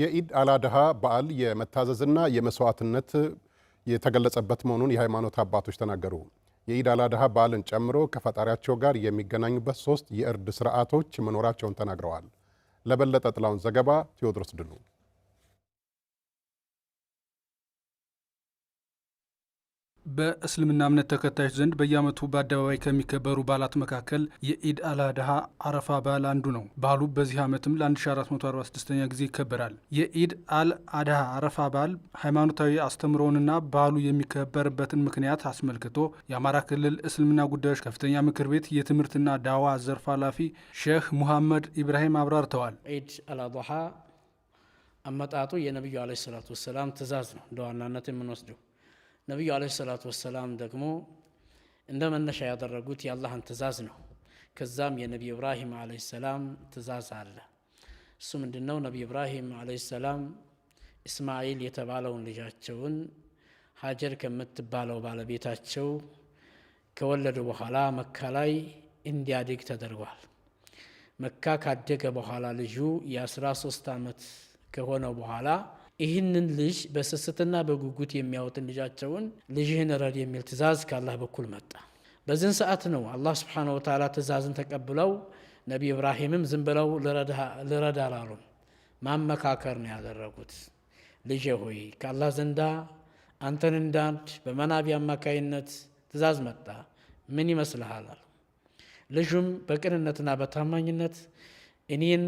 የኢድ አላድሃ በዓል የመታዘዝና የመስዋዕትነት የተገለጸበት መሆኑን የሃይማኖት አባቶች ተናገሩ። የኢድ አላድሃ በዓልን ጨምሮ ከፈጣሪያቸው ጋር የሚገናኙበት ሶስት የእርድ ስርዓቶች መኖራቸውን ተናግረዋል። ለበለጠ ጥላውን ዘገባ ቴዎድሮስ ድሉ በእስልምና እምነት ተከታዮች ዘንድ በየዓመቱ በአደባባይ ከሚከበሩ በዓላት መካከል የኢድ አልአድሃ አረፋ በዓል አንዱ ነው። በዓሉ በዚህ ዓመትም ለ1446ኛ ጊዜ ይከበራል። የኢድ አልአድሃ አረፋ በዓል ሃይማኖታዊ አስተምሮውንና በዓሉ የሚከበርበትን ምክንያት አስመልክቶ የአማራ ክልል እስልምና ጉዳዮች ከፍተኛ ምክር ቤት የትምህርትና ዳዋ ዘርፍ ኃላፊ ሼህ ሙሐመድ ኢብራሂም አብራርተዋል። ኢድ አልአድሃ አመጣጡ የነቢዩ አለ ሰላቱ ወሰላም ትእዛዝ ነው እንደ ዋናነት የምንወስደው ነቢዩ አለ ሰላት ወሰላም ደግሞ እንደ መነሻ ያደረጉት የአላህን ትእዛዝ ነው። ከዛም የነቢ ኢብራሂም አለ ሰላም ትእዛዝ አለ። እሱ ምንድ ነው? ነቢ ኢብራሂም አለ ሰላም እስማኤል የተባለውን ልጃቸውን ሀጀር ከምትባለው ባለቤታቸው ከወለዱ በኋላ መካ ላይ እንዲያድግ ተደርጓል። መካ ካደገ በኋላ ልጁ የ13 ዓመት ከሆነው በኋላ ይህንን ልጅ በስስትና በጉጉት የሚያወትን ልጃቸውን ልጅህን ረድ የሚል ትእዛዝ ከአላህ በኩል መጣ። በዚህን ሰዓት ነው አላህ ስብሓነሁ ወተዓላ ትእዛዝን ተቀብለው ነቢ ኢብራሂምም ዝም ብለው ልረዳ አላሉም። ማመካከር ነው ያደረጉት። ልጄ ሆይ ከአላህ ዘንዳ አንተን እንዳንድ በመናቢ አማካይነት ትእዛዝ መጣ፣ ምን ይመስልሃል አሉ። ልጁም በቅንነትና በታማኝነት እኔን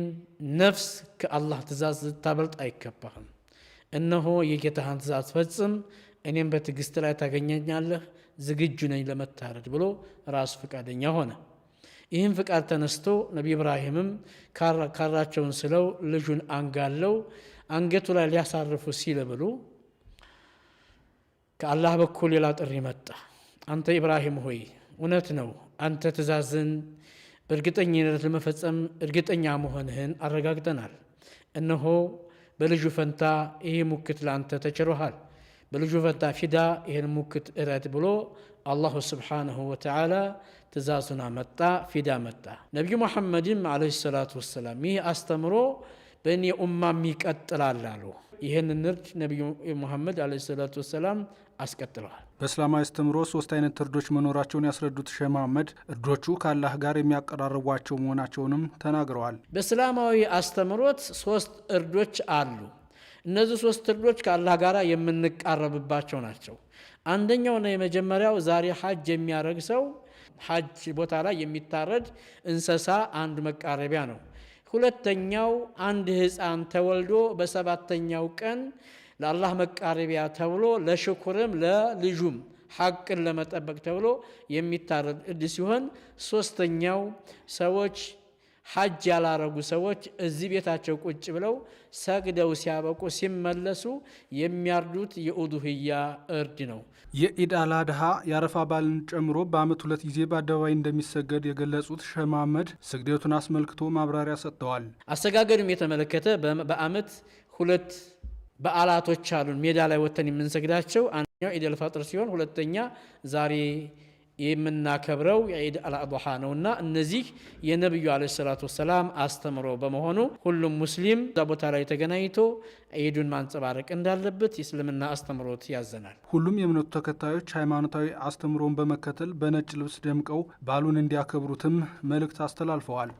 ነፍስ ከአላህ ትእዛዝ ልታበልጥ አይገባህም እነሆ የጌታህን ትእዛዝ ፈጽም፣ እኔም በትዕግስት ላይ ታገኘኛለህ፣ ዝግጁ ነኝ ለመታረድ ብሎ ራሱ ፈቃደኛ ሆነ። ይህም ፍቃድ ተነስቶ ነቢ ኢብራሂምም ካራቸውን ስለው ልጁን አንጋለው አንገቱ ላይ ሊያሳርፉ ሲለብሉ ከአላህ በኩል ሌላ ጥሪ መጣ። አንተ ኢብራሂም ሆይ እውነት ነው አንተ ትእዛዝን በእርግጠኝነት ለመፈጸም እርግጠኛ መሆንህን አረጋግጠናል። እነሆ በልጁ ፈንታ ይሄ ሙክት ለአንተ ተችሮሃል፣ በልጁ ፈንታ ፊዳ ይህን ሙክት እረት ብሎ አላሁ ስብሓንሁ ወተዓላ ትእዛዙን መጣ፣ ፊዳ መጣ። ነቢዩ ሙሐመድም ዓለይሂ ሰላቱ ወሰላም ይህ አስተምሮ በእኔ ኡማም ይቀጥላል አሉ። ይህን ንርድ ነቢዩ ሙሐመድ ዓለይሂ ሰላቱ ወሰላም አስቀጥለዋል። በእስላማዊ አስተምሮ ሶስት አይነት እርዶች መኖራቸውን ያስረዱት ሼህ መሐመድ እርዶቹ ከአላህ ጋር የሚያቀራርቧቸው መሆናቸውንም ተናግረዋል። በእስላማዊ አስተምሮት ሶስት እርዶች አሉ። እነዚህ ሶስት እርዶች ከአላህ ጋር የምንቃረብባቸው ናቸው። አንደኛው ነው የመጀመሪያው ዛሬ ሀጅ የሚያደርግ ሰው ሀጅ ቦታ ላይ የሚታረድ እንስሳ አንድ መቃረቢያ ነው። ሁለተኛው አንድ ሕፃን ተወልዶ በሰባተኛው ቀን ለአላህ መቃረቢያ ተብሎ ለሽኩርም ለልጁም ሐቅን ለመጠበቅ ተብሎ የሚታረድ እድ ሲሆን ሶስተኛው ሰዎች ሐጅ ያላረጉ ሰዎች እዚህ ቤታቸው ቁጭ ብለው ሰግደው ሲያበቁ ሲመለሱ የሚያርዱት የኡዱህያ እርድ ነው። የኢድ አል አድሃ የአረፋ በዓልን ጨምሮ በዓመት ሁለት ጊዜ በአደባባይ እንደሚሰገድ የገለጹት ሸማመድ መሐመድ ስግደቱን አስመልክቶ ማብራሪያ ሰጥተዋል። አሰጋገዱም የተመለከተ በዓመት ሁለት በዓላቶች አሉን ሜዳ ላይ ወተን የምንሰግዳቸው አንደኛው ኢደል ፈጥር ሲሆን ሁለተኛ ዛሬ የምናከብረው የኢድ አልአድሓ ነውና እነዚህ የነቢዩ አለ ሰላት ወሰላም አስተምሮ በመሆኑ ሁሉም ሙስሊም እዛ ቦታ ላይ ተገናኝቶ ኢዱን ማንጸባረቅ እንዳለበት የእስልምና አስተምሮት ያዘናል። ሁሉም የእምነቱ ተከታዮች ሃይማኖታዊ አስተምሮን በመከተል በነጭ ልብስ ደምቀው በዓሉን እንዲያከብሩትም መልእክት አስተላልፈዋል።